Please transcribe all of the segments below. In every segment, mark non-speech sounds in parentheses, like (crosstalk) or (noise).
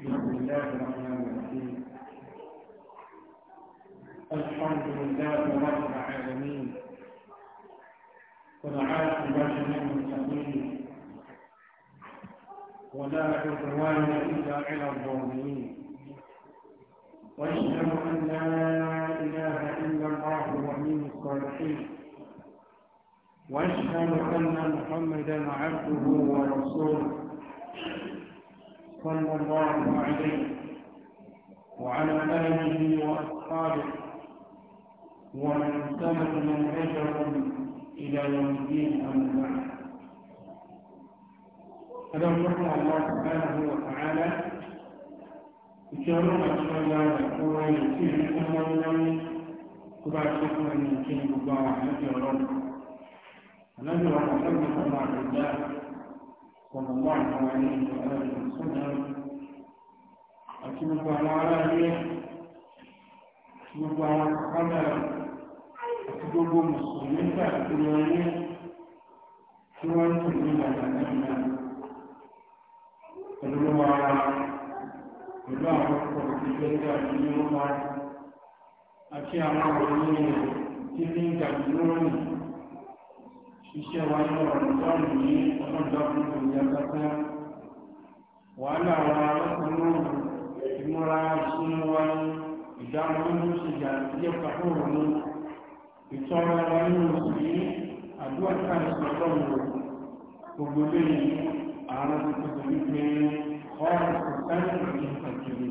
بسم الله الرحمن الرحيم الحمد لله رب العالمين والعاقبة للمتقين ولا عدوان إلا على الظالمين واشهد أن لا إله إلا الله ومن الصالحين واشهد أن محمدا عبده ورسوله صلى الله عليه وعلى آله وأصحابه ومن سلك منهجهم إلى يوم الدين أما بعد فذكرنا الله سبحانه وتعالى يشارون أشياء ويسير الأمر كبار شكرا من كلمة الله عز وجل نبي محمد صلى الله عليه وسلم صلى الله عليه وآله وسلم أتمنى على آله أتمنى على الصحابة أتمنى المسلمين تأتيني شو أنتم إلى أن فلما فلما أخبر في ذلك أن يوم أتي أمام الدين تلين تأتيني iṣẹ́ wa ní ọ̀rọ̀ tọ́ọ̀nù ní ọlọ́dọ́gbọ̀n tó yẹ kọ́kọ́ wàhálà wa lọ́kàn náà ìmúra ìṣúná wa ìdáhùn nínú ìṣèjà yẹ kàkó òun ìtọ́ra wa nínú òsì àdúrà káàkiri ọlọ́run gbogbo lẹ́yìn àwọn tuntun wípé ọ̀rọ̀ sọ̀tánì ní ìtàkìrì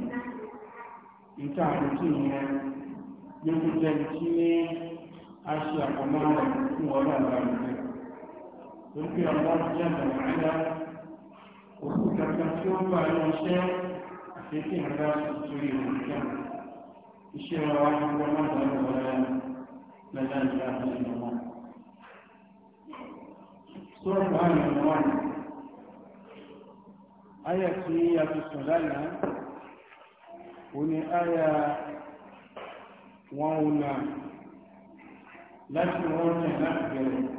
níta àkókò ìyẹn lókùtẹ́ tí a ṣe àpamọ́ rẹ̀ fún ọlọ́run àgbẹ̀ torípé ọlọ́run jẹ́ ìdàgbà ńlá òkú kankan tí ó gbà ní iṣẹ́ àfẹ́kẹ́ ìrìnà torí ìrìnà iṣẹ́ wa wá ní wọn náà lọ́wọ́ lọ́wọ́ lọ́jà ìjà àti ìmọ̀. sọ́rọ̀ bá ní wọn ayà tí a ti sùn lánàá ó ní ayà wọn ò náà láti wọn náà láti bẹ̀rẹ̀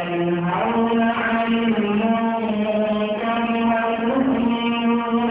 وتنهون عن المنكر والبغي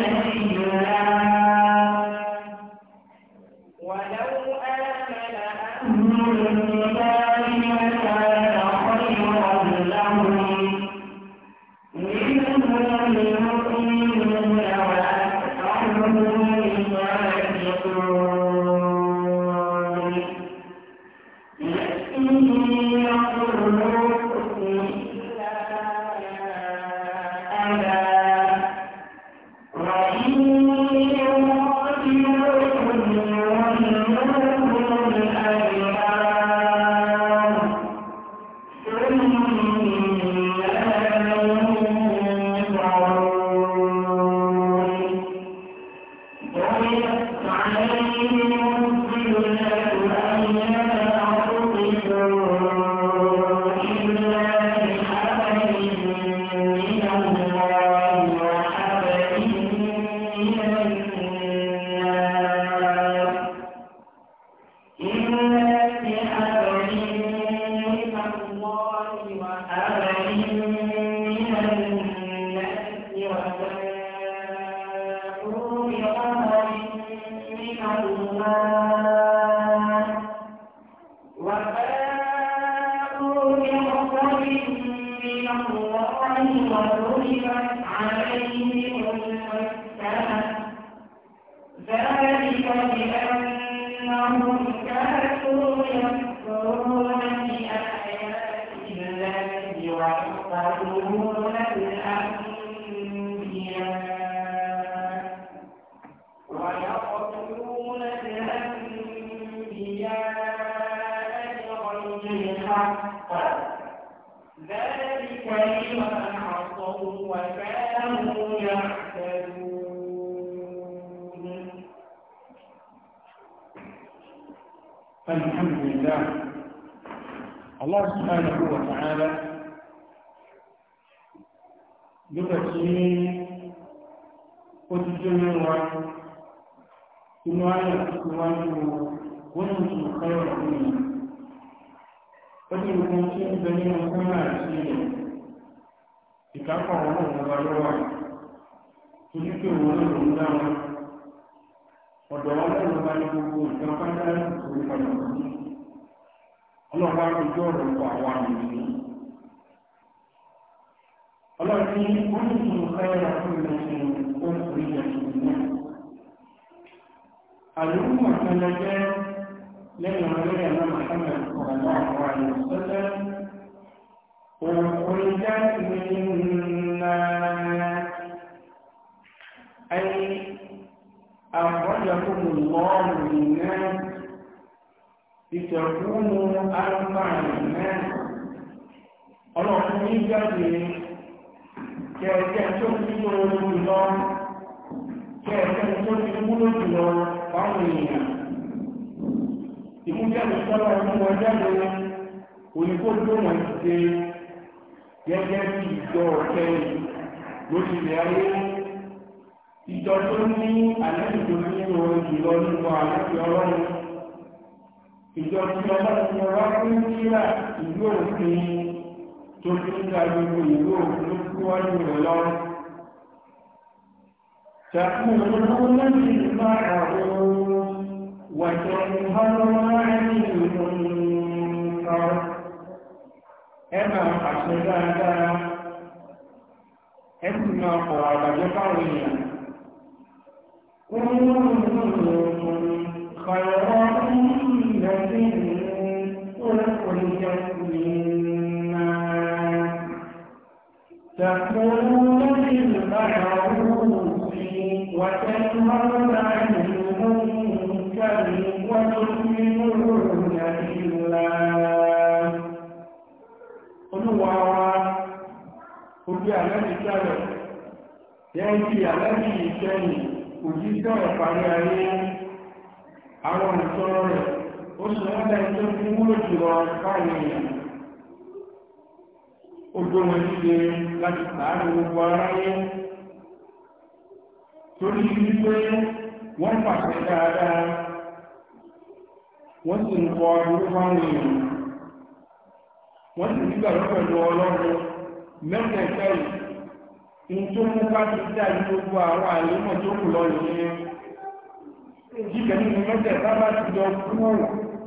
Allah subhanahu wa ta'ala lokacin kwanciyar wa kuma ya fi wani wani su kawar da ne wani hukuncin gani na kuma a cikin ìkápá wọn náà lọ́wọ́ torí wọn náà lòún dá ọ̀dọ̀ wọn náà wọn ní gbogbo ìkápá náà lórí padà ọlọ́wọ́ àrùjọ ọ̀rọ̀ kọ àwọn àmì ọlọ́run ní oníṣòwò káyọ̀rọ̀ fún ìrìnàṣẹ́ oṣù ìrìnàṣẹ́ náà àlùkù àtàlẹ́jẹ́ lẹ́yìn ọ̀rẹ́rẹ́ náà màtàmẹ́ ọ̀rọ̀ àwọn àyè sọ́tẹ́ òkùnrin jáde náà أي أخرجكم الله من الناس لتكونوا أنفع الناس ọlọ́run ní jáde kẹ̀ẹ̀kẹ́ tó ti tó lórí lọ kẹ̀ẹ̀kẹ́ tó ti múlò jùlọ fáwọn èèyàn ìmújáde sọ́lọ́ ọdún wọn jáde òyìnbó tó wọ́n ti ṣe gẹ́gẹ́ bí ìjọ ọ̀kẹ́ ayé ìjọ tó ní àlẹ́ ìjọ nínú nínú àlẹ́ ọlọ́run ìjọ tí ọlọ́run ti wá fún kíra ìlú òfin tó ti ń ga gbogbo ìlú òfin tó kú wájú rẹ̀ lọ. تأمرون بالمعروف وتنهون عن المنكر ẹ máa pàṣẹ dáadáa ẹ sì máa kọ̀ àgbàjọ fáwọn èèyàn. Kúrúnrún kọ̀ọ̀rọ̀ ń iaaụaaaaụaee ụrụaa andia ei aaye awati ọrụ ó sì lọ́dẹ̀ tó ń múlò jùlọ báyìí èèyàn wọn ṣe láti sàárè gbogbo aráyé torí wípé wọ́n pàṣẹ dáadáa wọ́n sì ń kọ ọdún fáwọn èèyàn wọ́n sì nígbà pẹ̀lú ọlọ́run mẹ́tẹ̀ẹ̀ta yìí tó mú ká ti dá gbogbo àwọn àlémọ̀ tó kù lọ yìí nínú bá ti jọ kúrò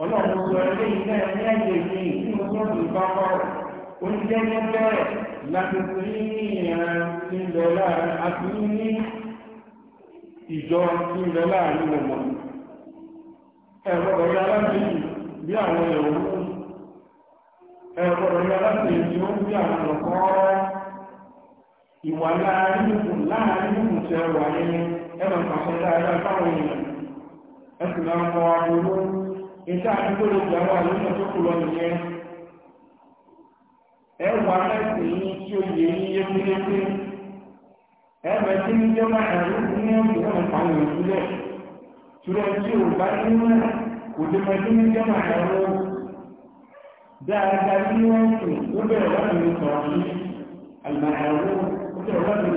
ọlọ́run sọ ilé iná ní ẹ̀jẹ̀ ní ìlú sọ́ọ̀tù ìbáfọ́ rẹ̀ oúnjẹ ní bẹ́ẹ̀ lágbègbè ní ìran ní lọ láàrin àti ní ìjọ ní lọ láàrin ọmọ ẹ̀rọ bí àwọn ẹ̀rọ ẹ̀rọ ó ń bí àwọn ọ̀kọ́ ìwà láàrin ìkùn láàrin ìkùn wà ẹ̀rọ ìpàṣẹ ẹ̀sìn náà mọ àwọn ìta àdúgbò lè gbà wà lónìí tó kù lọ nìyẹn ẹ wà láti yín tí ó yẹ yín yékéyéké ẹ bẹ tí ń jẹ máa ẹrú ní ẹgbẹ́ náà pàwọn ìdílé tura tí ò bá ní náà kò dé máa tí ń máa dáadáa ní ó bẹ̀rẹ̀ láti sọ̀rọ̀ yìí ó bẹ̀rẹ̀ láti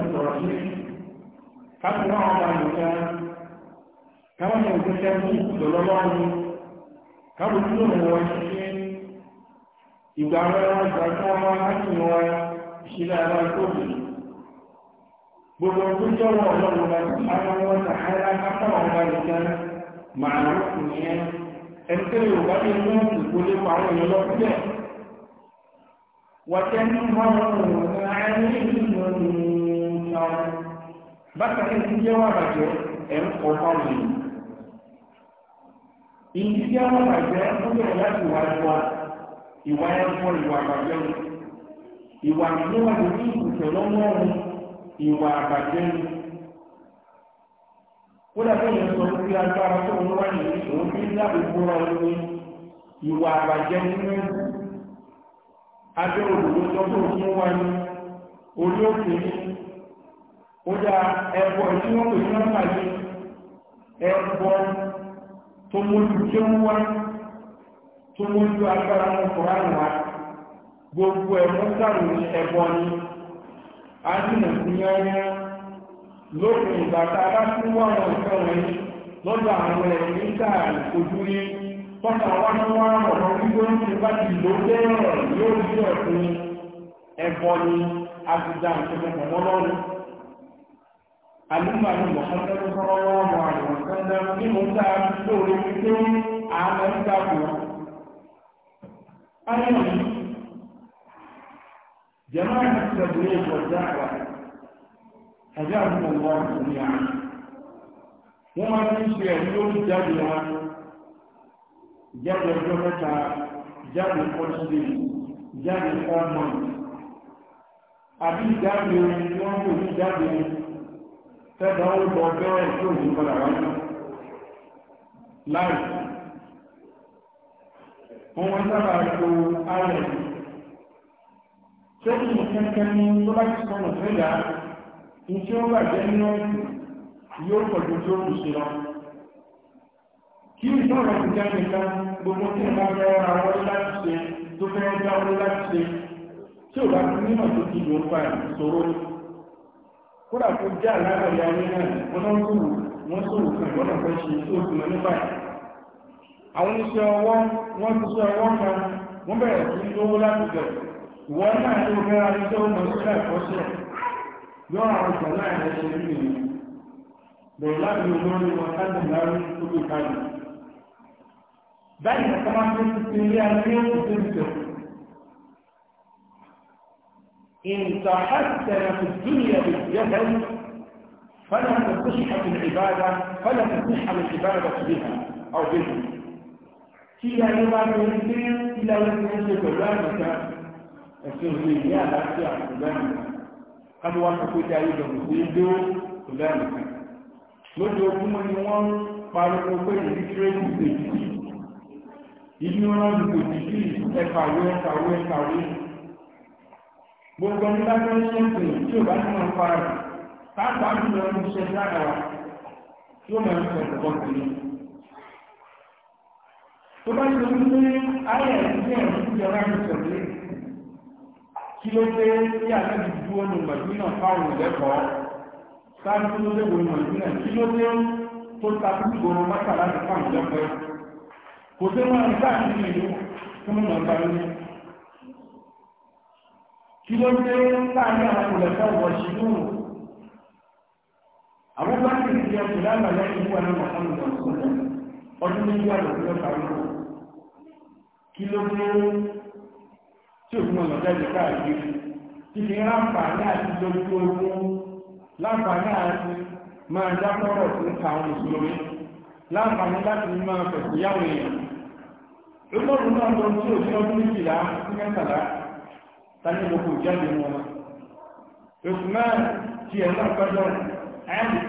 sọ̀rọ̀ yìí káàbù tí òun wọn ṣiṣẹ́ ìgbà wọn gbà kí wọn máa láti wọn ṣe dáadáa tóbi gbogbo tó jẹ́ wọn ọlọ́run bá ti ara wọn sàárá kápá wọn bá nìkan màálù nìyẹn ẹni tó yóò bá ní inú ìgbólé pa àwọn èèyàn lọ sílẹ̀ وتنهرون عن المنكر بكر الجواب القرآن ìdí tí àwọn àgbàjẹ́ ń bẹ̀rẹ̀ láti wà lọ́wọ́ ìwà ẹ̀fọ́ ìwà àgbàjẹ́ o ìwà àgbàjẹ́ wà lórí ìkùsọ̀ lọ́wọ́ ọ̀hún ìwà àgbàjẹ́ o. ó dàbí ìyẹn sọ pé agbára tó ń wá ní tó mójú tí ó ń wá tó mójú gbogbo ẹ̀mú sàrò ní ẹ̀bọ ni a ní nàìjíríà lópin ìgbà tá a bá tún wá àwọn ìfẹ́ wọ̀nyí lọ́dọ̀ àwọn sáà ní ọ̀rọ̀ ní bá ti lò yóò ọ̀sìn ni àdúgbò Muhammad sallallahu alaihi wasallam nínú tá a fi lóore wípé àmọ́ ń dàpọ̀. Ayọ̀ yìí, jẹ̀mọ́ àti ìṣẹ̀dúró ìwọ̀ dáàbà, ẹ̀jẹ̀ àdúgbò wọn kò ní àná. Wọ́n máa ń ṣe ẹ̀rí lórí jáde wọn. Ìjáde ọjọ́ mẹ́ta, ìjáde fọ́sílẹ̀, ìjáde fọ́ọ̀mọ̀. Àbí ìjáde orin wọ́n kò ní jáde orin tẹ́lá ó lọ bẹ́ẹ̀ tí ò ní padà wáyé láì wọ́n sábà lo ààrẹ tó ní kẹ́kẹ́ ní tó bá ti sọnù fẹ́lá ní tí ó bàjẹ́ ní ọ̀sùn yóò pọ̀jù tó kù sí lọ kí ìtọ́rọ̀ ti jẹ́ nìkan gbogbo tí ìmọ̀ fẹ́ ra láti ṣe tó fẹ́ dáwọ́ láti ṣe tí ò bá ti nímọ̀ tó ti lò ń pa ìṣòro kódà tó jẹ́ àlágbàlẹ̀ ayé náà wọ́n tó ń kúrò wọ́n tó fún fẹ́ ṣe tó wọn nípa àwọn oníṣẹ́ ọwọ́ wọ́n ti ṣe ọwọ́ kan wọ́n bẹ̀rẹ̀ sí lówó láti bẹ̀ ìwọ́n náà tó fẹ́ ara iṣẹ́ ọmọ sílẹ̀ ìkọ́sẹ̀ yọ àwọn ìgbà náà rẹ̀ ṣe rí nìyí bẹ̀rẹ̀ láti olórin wọn láti lárí tó gbé kalẹ̀ báyìí tó ti ilé ga-eje? in'oge wụ nwaọụ aa a wee ka wee gbogbo nígbà tó ń ṣe ń pè tí ò bá ní wọn fara rẹ̀ pàápàá jùlọ ní iṣẹ́ sára wa tí ó máa ń sọ ọ̀pọ̀ sí i. tó bá ṣe ń pé ayé ẹ̀sìn ẹ̀rọ ti ọ̀rá mi sọ̀rọ̀ kí ló dé tí àlejò dúró ní mọ̀júnà fáwọn ìlẹ́kọ̀ọ́ sáájú tó dé gbogbo mọ̀júnà kí ló dé tó ta kú gbogbo mọ́tàlá ti fáwọn ìlẹ́kọ̀ọ́ kò sí wọn ní sáà ìlú tó mọ̀ kí ló dé láàrin àwọn ìlẹ̀kọ́ wọ̀ṣínú àwọn bá ti di ọkùnrin lábàlẹ̀ ìlú àwọn mọ̀sánmù ọ̀sán ọdún méjì àlọ́kí lọ́ta rú kí ló dé tí òkun ọ̀lọ́dẹ́ lè káàkiri kí ni láǹfààní àti lójú ogun láǹfààní àti máa dákọ̀rọ̀ fún àwọn mùsùlùmí láǹfààní láti máa fẹ̀sùn yáwó èèyàn lọ́pọ̀ náà lọ sí òṣèlú méjìlá sí mẹ́tàlá tani gbogbo jáde wọn Usman ti ẹ̀rọ pẹ̀lú ẹ̀mí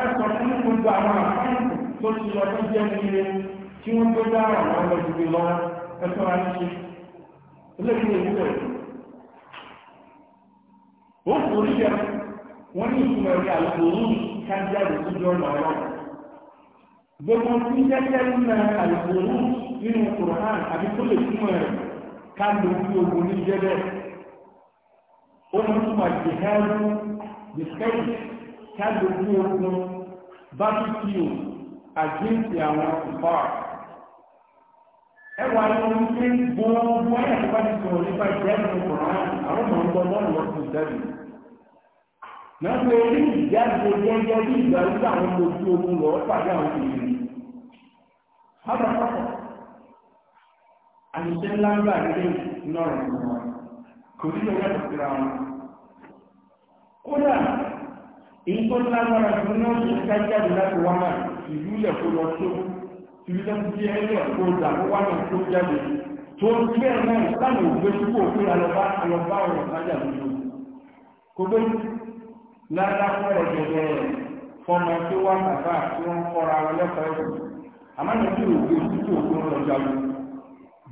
ẹ̀sọ̀ fún gbogbo àwọn àfáàkù tó ti lọ tó jẹ́ nílé tí wọ́n tó dá àwọn ọmọ ìdìbò lọ ẹ̀sọ́ wa ní ṣe eléyìí ìwúlò ó forí yẹ wọ́n ní ìtumọ̀ ẹ̀rí àlùkòrò kájá ìdójú ọ̀nà ọ̀rọ̀ gbogbo tí jẹ́jẹ́ nínú àlùkòrò nínú kùrọ̀hán àbí tó lè túmọ̀ ẹ̀rí ká ló bí ogun jihadu o àjíǹsì ní gbogbo ẹ̀yà tó bá ti sọ̀rọ̀ nípa ìjẹ́nu kọ̀ọ̀rán àwọn ọmọ ń gbọ́ lọ́nà lọ́sùn ìjẹ́nu náà pé ní ìjáde gẹ́gẹ́ bí ìgbà wípé àwọn ojú àṣìṣe ńlá ńlá ilé lọ́rọ̀ wọn kò sí ọjọ́ ìpínlẹ̀ wọn. kódà èyí tó lágbára tó náà ṣe kájáde láti wá náà ìlú ilẹ̀ kó lọ tó ìlú ilẹ̀ kó jẹ́ ẹ̀yọ̀ kó wá náà tó jáde tó ń gbé náà ògbé tí kò ọ̀rọ̀ lójú kò lára fún fọmọ tó wá bàbá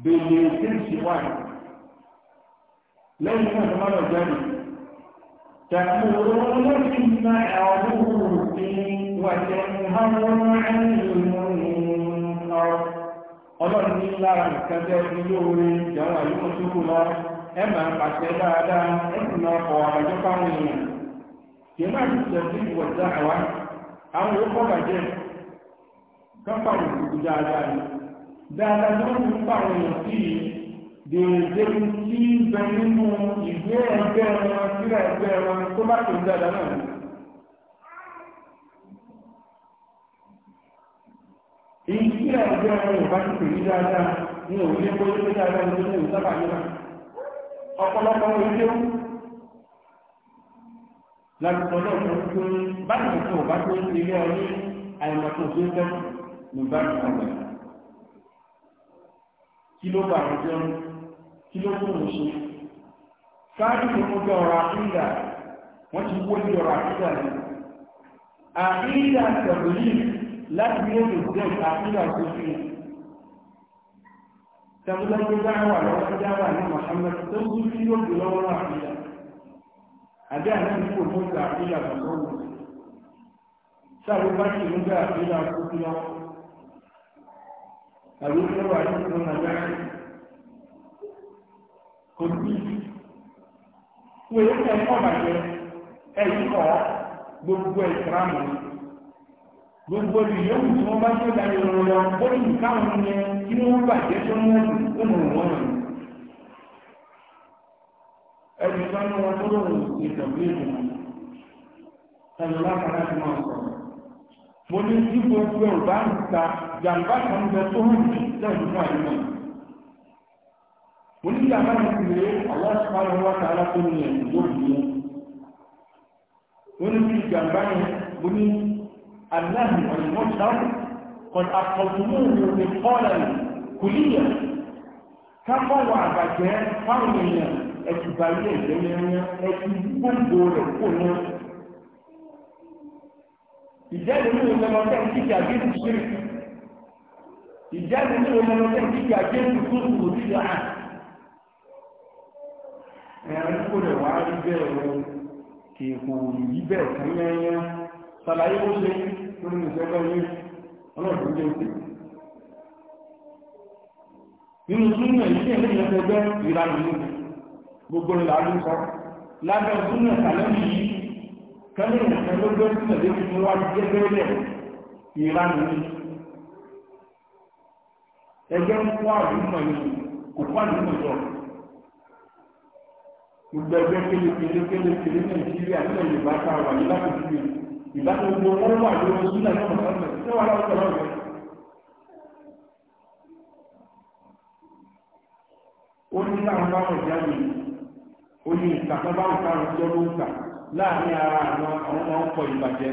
bèèrè tíríṣì wà ní lẹ́yìn náà lọ́mọdé ọ̀gbẹ́ni tàbí olóòtú máa àwọn olùsìn Ọlọ́run lára nǹkan jẹ́ ilé orin ìjọra yóò túnkù lọ, ẹ máa pàṣẹ dáadáa, ẹ sì máa fáwọn èèyàn. Kì máa ti sí àwọn dáadáa ni. dáadáa tó ń pa àwọn èèyàn sí dèrèdè tí ń bẹ nínú ìwé ẹgbẹ́ wọn síra ẹgbẹ́ wọn tó bá tó dáadáa náà. ìṣíra ẹgbẹ́ wọn ò bá ti pè ní dáadáa ní òwúlé bóyá pé dáadáa ní ilé ìsábà nílà ọ̀pọ̀lọpọ̀ wọn ilé wọn láti sọ náà fún pé báyìí tó bá tó ń ilé ọyún àyẹ̀mọ̀tò tó ń tẹ́kù ní báyìí kí ló bá àwọn jẹun kí ló kún òun ṣe ṣáájú tó kọjá ọ̀rọ̀ àfíńdà wọ́n ti wó ní ọ̀rọ̀ àfíńdà ni àfíńdà tẹ̀lú yìí láti ní èdè jẹ́ àfíńdà tó fi hàn tẹ̀lú tó dáhùn àwọn ní Muhammad tó kú sí òkè lọ́wọ́ àfíńdà àbí àwọn ìlú òmùgbà àfíńdà tó lọ́wọ́ sáà ló bá ti ìlú gbà àfíńdà tó fi lọ́wọ́ tàbí ó wà nínú nàìjíríà kò sí wo èyí tẹ̀ ń kọ́ bàjẹ́ ẹ̀yìn kọ́ gbogbo ìsìlámù gbogbo ìyókù tí wọ́n bá tó dáyé lọ́wọ́ lọ bóyá ìkáwọn yẹn kí wọ́n bàjẹ́ tó ń wọ́n ó mọ̀ wọ́n rẹ̀ ẹni tó ń wọn tó lòrùn ìtọ̀gbé ìdùnnú ẹni lápá láti máa sọ̀rọ̀ mo ní tí gbogbo ẹ̀ bá ń ta jàǹbá kan bẹ tó hàn ní lẹ́yìn fún àyíkọ̀ mo ní jàǹbá mi ti rèé àwọn sùpárọ̀ wá ta alákó ní ẹ̀sìn tó fi mú mo ní bí jàǹbá yẹn mo ní aláàbì ọ̀nà mọ́ kan àkọ̀tùmọ̀ òun kọ́lá kùlíyà kápọ̀ wà àbàjẹ́ fáwọn èèyàn ẹ̀sùn bàyẹ̀ ìgbẹ́yẹ̀yẹ ẹ̀sùn gbogbo rẹ̀ kò ní ìjẹ́ ìlú ìlú ọmọ tẹ́ ń kíkà ìjáde ní omi ọmọdé kíkà jẹ́ tuntun kò hàn. wá rí bẹ́ẹ̀ kì í kò bẹ́ẹ̀ ó ṣe ọlọ́dún jẹ́ òkè. nínú èyí tí ẹ̀lẹ́yìn ẹgbẹ́ ìranù ní gbogbo ìlà ló sọ lábẹ́ súnmù ìsàlẹ́mì yìí kẹ́lẹ́yìn ẹgbẹ́ ló gbé wá ẹgbẹ́ ń kó àdúgbò yìí kò kó àdúgbò jọ gbogbo ẹgbẹ́ kele kélekele nàìjíríà ní ẹ̀yìn ká wà ní láti fi ìlànà gbogbo wọn wà lórí ìlànà ó ní láwọn bá jáde ó ní ìtàkùn kárùn-ún ara àwọn ọmọ ọkọ̀ ìbàjẹ́.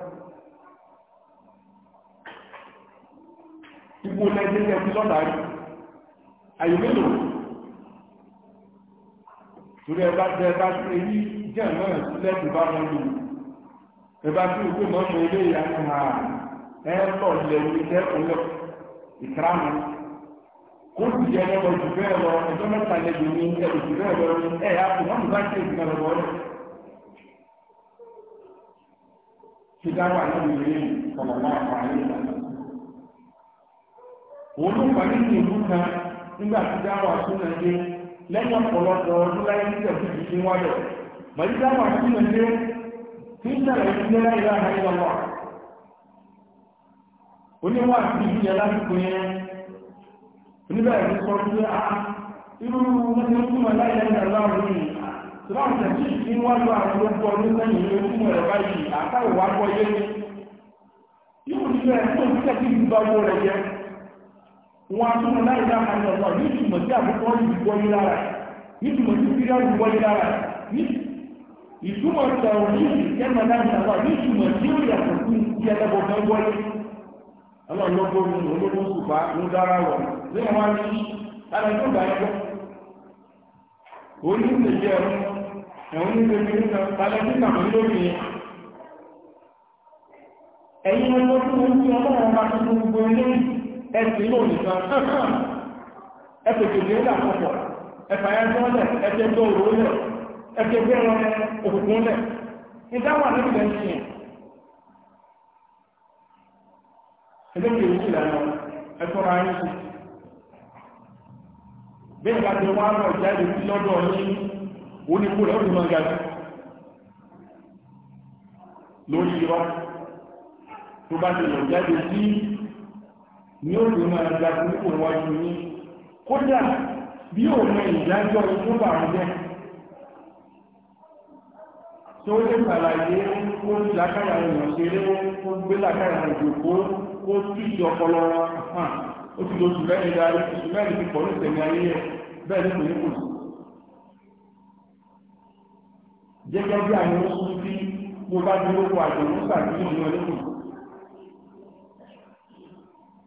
ipò lẹ́gbẹ̀ẹ́ ti lọ́nà rí àyè mélòó torí ẹ̀bá tẹ ẹ̀bá tí èyí jẹ́ náà lẹ́bù bá wọn lò ẹ̀bá tí òkú mọ́ mọ́ ilé ìyá ní ha ẹ̀ lọ lẹ́wù tẹ́ òlọ ìkramù kó sì jẹ́ ẹ̀rọ jù bẹ́ẹ̀ lọ ẹjọ́ mẹ́ta lẹ́bù ní ẹ̀rọ jù bẹ́ẹ̀ lọ ẹ̀ yà kó mọ́mú bá tẹ̀ ìgbà lọ́wọ́ rẹ̀ ṣe dáwà nínú ìrìn ọ̀nà náà fà á òun ló parí ní ìlú kan nígbà tí dáwà súnà dé lẹ́yìn ọ̀pọ̀lọpọ̀ ọdún láyé ní ìjọba ìjì ní wáyọ̀ màdí dáwà súnà dé tí ń sàlẹ̀ ìdílé láyé láàárín ìlọ́wọ́ oníwà sí ìlú yẹn lásìkò yẹn ìlú sọ pé a ah, irú ahụ súnmọ́ láyé lẹ́yìn aláwọ̀ yìí sọ́dọ̀ tẹ̀sí ìdí wájú àwọn olóko ọdún sẹ́yìn ló ẹ̀rọ báyìí àtàwọn yé wọn a túnmọ̀ láì dáka ní ìtumọ̀ tí ó yàtọ̀ fún ti ẹlẹ́bọ̀ fẹ́ wọlé ọlọ́lọ́gbọ́ ní ológun sùpá dára wọ̀ lẹ́yìn wá ní alẹ́jọ́ gbà ẹgbọ́ òní lè jẹ́ ẹ̀rọ ní lèmi nípa alẹ́jọ́ kàmọ́ lórí yẹn ẹ̀yin ọlọ́dún oúnjẹ ẹ̀sìn náà nìkan ẹ̀sìn kejì ńlá àkọ́kọ́ ẹ̀fàyàjọ́ lẹ̀ ẹ̀sẹ̀ tó òró lẹ̀ ẹ̀sẹ̀ gbẹ̀rọ òkùnkùn lẹ̀ ìdáwà níbi lẹ́yìn yẹn ẹlẹ́gbẹ̀ẹ́ yìí lẹ́nu ẹ̀tọ́ ra ni ó lè máa gba púpọ̀ wájú ní kódà bí ò mọ ìdájọ́ tó bà ń jẹ́ tó lè ṣàlàyé kó lákàrà èèyàn ṣeré kó gbé lákàrà ìjòkó kó tíjọ ọpọlọ hàn ó ti lóṣù mẹ́rin darí oṣù ní ìsẹ̀mí ayé bẹ́ẹ̀ kò ní kò sí. bí àwọn oṣù tí mo bá dúró ọdún kò sí.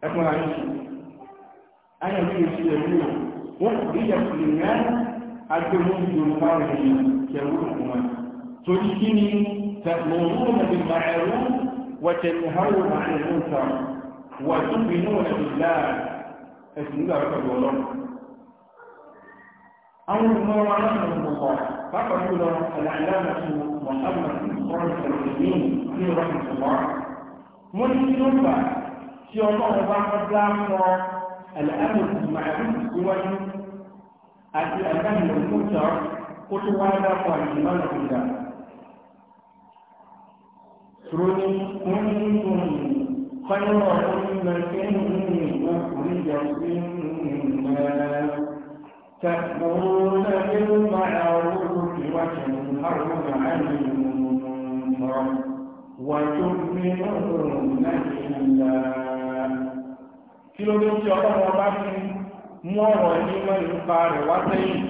أكمل عليك أنا من يسيرون وحبيت للناس حتى منذ مقارنة كونهما تلكني تأمرون بالمعروف وتنهون عن المنكر وتؤمنون بالله اسم الله ركب والله أول ما رحمه الله فقد العلامة محمد عليه وسلم في رحمه الله منذ tí ọlọ́run bá ń dá mọ àlàáfíà ìmàlú síwájú àti àlàáfíà ìmúta ó tó wá dápọ̀ àjùmọ̀ nàìjíríà. Sùrùnì kúndùn kọ́nìrọ̀ ọ̀hún kẹ́hìn ọkùnrin yàtí nìyẹn. تأمرون بالمعروف وتنهون عن المنكر وتؤمنون بالله kí ló dé tí ọlọ́run ọba fi mú ọ̀rọ̀ ẹni wọn nípa rẹ̀ wá sẹ́yìn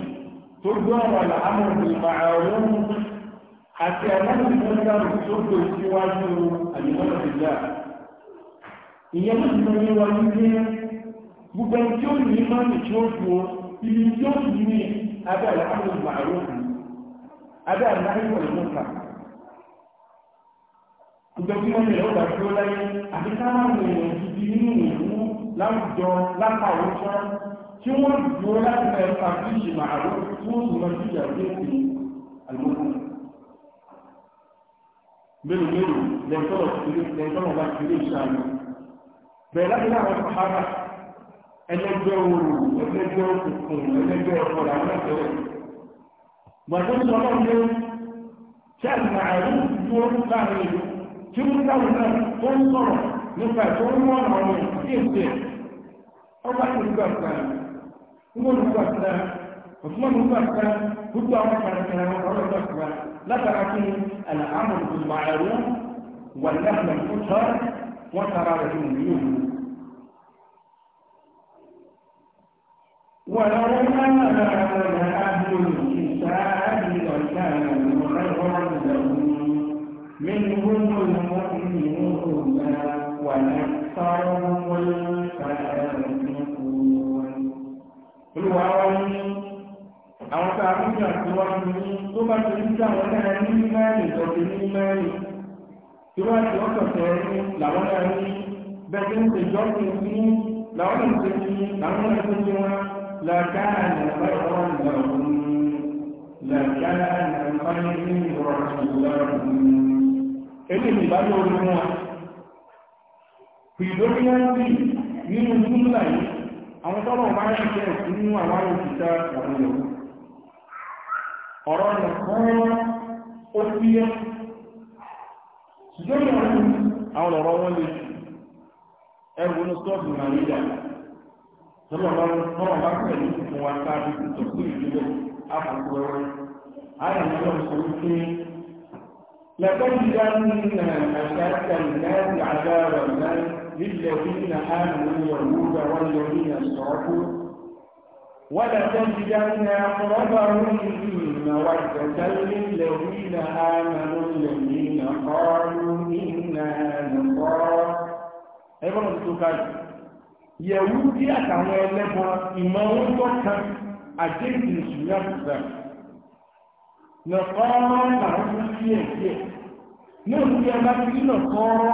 tó gbé ọ̀rọ̀ làánú ìgbà ọ̀rọ̀ àti tó gbé síwájú ìjà ìyẹn ti ní wọn ní gbogbo ẹni tí ó ní tí ó ibi tí ó ní abẹ́ ìgbà ọ̀rọ̀ abẹ́ ìgbà ọ̀rọ̀ gbogbo ẹni tí ó láwùjọ látàwọn tán tí wọ́n dúró láti fẹ́ tàbí ṣe màálù tí wọ́n sì máa jìyà bí èsì àlùmọ́kù. mélòó mélòó lẹ́tọ́rọ̀ lẹ́tọ́rọ̀ bá ti lè ṣàlù. bẹ̀rẹ̀ láti láwọn sàhárà ẹlẹ́gbẹ́ òru ẹlẹ́gbẹ́ òkùnkùn ẹlẹ́gbẹ́ ọ̀pọ̀ làwọn ẹ̀fẹ́ gbàtọ́ sọ náà lé tí àgbà àrùn dúró láàrin ìlú tí wọ́n dáhùn náà tó ń sọ̀rọ̀ nípa ìtọ́wọ́n àwọn èèyàn ọba ní olùgbà kan ńgbọ́ olùgbà kan òtúmọ̀ olùgbà kan gbogbo àwọn kàràkàrà wọn ọ̀rọ̀ olùgbà kan látara kí ni àlàámọ̀ olùgbà ẹ̀rọ wà láàmú ìfúnṣọ́ wọn tara rẹ̀ ní òní òní. ولو أن أهل الكتاب وكانوا خيرا لهم منهم المؤمنون ونكثرهم الكافرون olùwà wa ní àwọn tá a mú ní àti wá ní ní tó bá ti ní sáwọn náà ní mẹ́rin ìtọ́jú ní mẹ́rin tí wọ́n ti wọ́n kọ̀ọ̀tẹ̀ ní làwọn náà ní bẹ́ẹ̀ tó ń ṣe jọ́sìn ní làwọn náà ń ṣe ní làwọn náà ń ṣe ní wọn لكان خيرا لهم لكان خيرا لهم Èdè ìbálò orí wọn, predominantly nínú Júmùlà yìí, àwọn tọ́lọ̀ bá ń ṣiṣẹ́ nínú àwọn òṣìṣẹ́ àwọn ìlú ọ̀rọ̀ nìkan ọrụ fi yẹ ṣùgbọ́n ìyàwó àwọn ọ̀rọ̀ wọn lè ẹrù ní sọ́ọ̀bù nàìjíríà tọ́lọ̀ bá ń tọ́lọ̀ fún wa káàdì ìtọ́sí الناس للذين آمنوا والهود والذين اشركوا ولتجدن أقربهم مودة للذين آمنوا الذين قالوا إنا نصارى ẹgbọ́n tó kájú yẹ̀wú bí àtàwọn ẹlẹ́bọn ìmọ̀wọ́n tó kan àjẹ́jì ìṣúná ìgbà lọ́kọ́ọ́rọ́ làwọn tó sí ẹ̀jẹ̀ náà ní ẹgbẹ́ tí lọ́kọ́ọ́rọ́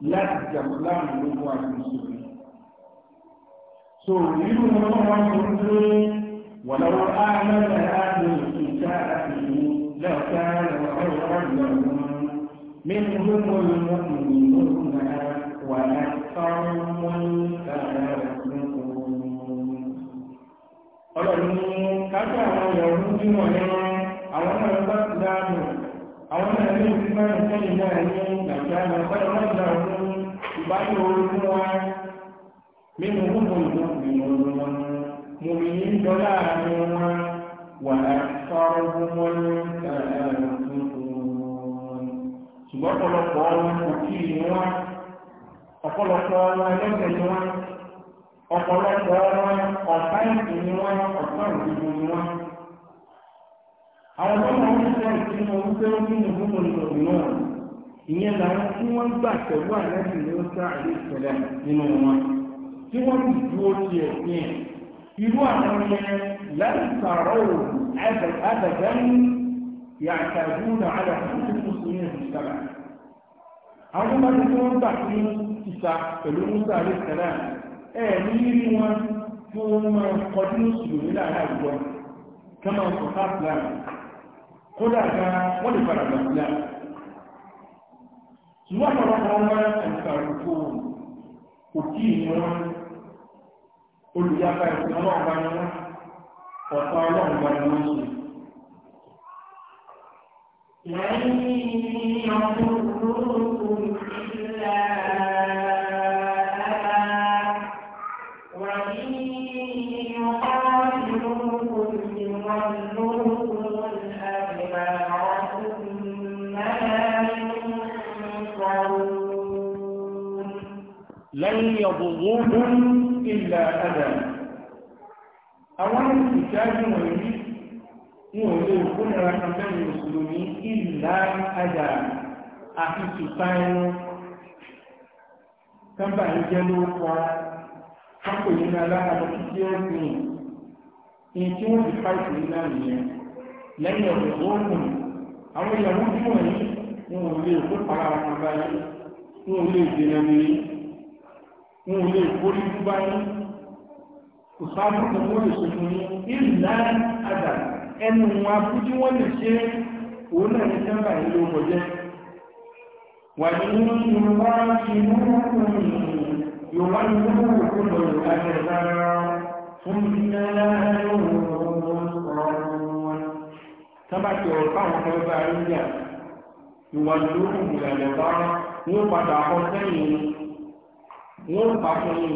láti jàmù láàrin gbogbo àwọn mùsùlùmí. so nínú wọn wọn sọ pé wà lọ́wọ́ ámẹ́rẹ̀ ámì ìta àfihàn lẹ́ọ̀ká lọ́wọ́ ọ̀rọ̀ lọ́wọ́ nínú gbogbo ìmọ̀kùnrin lókun náà wà láti mọ́ ọlọ́run kájú àwọn ìyàwó nínú ọ̀yọ́ àwọn ọmọ ẹgbẹ́ àwọn náà ní ìlú máa ń sẹ́yìn náà ní nàìjíríà náà gbọ́dọ̀ máa gbà wọn ìbáyọ̀ orúkú wa nínú gbogbo ìlú ìlú wọn mo rí ní dọ́là àárín wọn wà á sọ̀rọ̀ gbogbo wọn ṣùgbọ́n ọ̀pọ̀lọpọ̀ wọn kò tí ì wọn ọ̀pọ̀lọpọ̀ wọn ẹlẹ́sẹ̀ ni wọn ọ̀pọ̀lọpọ̀ wọn ọ̀pá ìsìn ni wọn ọ̀pá ìdìbò ni wọn. àwọn tó máa ń sọ ìsinmi wípé ó ndị ìgbìmọ̀ ìgbìmọ̀ náà ìyẹn làwọn tí wọ́n gbà pẹ̀lú àlẹ́bí ní sá àlè nínú wọn tí wọ́n sì dúró ti ẹ̀sìn ẹ̀ irú àwọn yẹn yẹn àwọn bá wọ́n gbà ìta pẹ̀lú musa ẹ̀ ní wọn tí wọ́n máa kọjú kódà gan wọ́n lè padà lọ sílẹ̀ ṣùgbọ́n ọ̀pọ̀lọpọ̀ wọn àìsàrùkú òkí ìwọ̀n olùyàpá ìsìn ọlọ́ọ̀gbá ni wọ́n ọ̀tọ̀ ọlọ́ọ̀gbá ni wọ́n ṣe لن يضروكم إلا أذى وإن مضغوط إِلَّا أذى àwọn ìṣáájú wọ̀nyí wọn ò lè kúnra abẹ́rẹ́ mùsùlùmí ìlà àjà àti tùtà ẹnu kábà ń jẹ́ ló kọ́ kápò nínú aláàbò títí ẹ̀sìn ní tí wọ́n ti fáìtì nínú àmìyẹn lẹ́yìn ọ̀rọ̀ òògùn àwọn ìyàwó tí wọ̀nyí wọn ò lè kó para wọn báyìí wọn ò mìíràn wọn ò lè borí fún báyìí kò sáàmù tó wọ́n lè ṣe fún yín ìlà àdà ẹnu wọn abújí wọn lè ṣe òun náà ní sábà ìlú ọjọ́ wà ní yorùbá ti mú ọkùnrin yorùbá kó lọ fún sábà tí ọ̀rọ̀ ìwà ìlànà bá wọ́n pa fún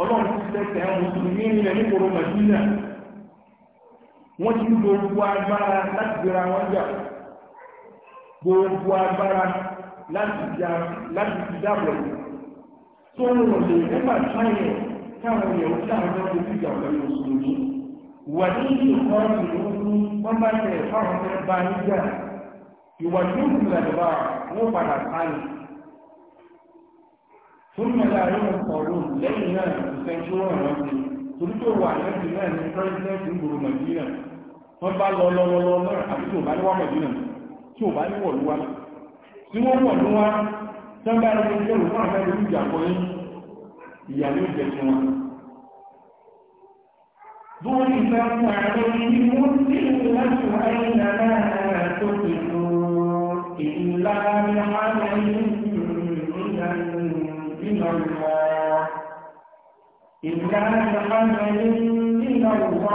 ọlọ́run ti tẹ̀sẹ̀ mùsùlùmí nílẹ̀ ní koro madina wọ́n ti gbogbo agbára láti gbéra wọn jà gbogbo agbára láti fi dáàbò ẹ̀ tó ń rò lè nígbà táyẹ̀ káwọn èèyàn ìjà wà ní wọ́n bá tẹ̀ fáwọn níjà ìwà ثم لا ربي wọ́n bá lọ lọ́wọ́lọ́ náà àbí tí ò bá ní wà tí ò bá ní wọ̀lú wa tí wọ́n wọ̀lú wa sábà ní ilé ìwọ̀n àfẹ́rẹ́ ní ìjàpọ̀ yín ìyà ní ìjẹ tí wọn. bóyá ìgbà fún ni wọ́n ti ń wáyé tó ti من الله إن كان بحمل من الله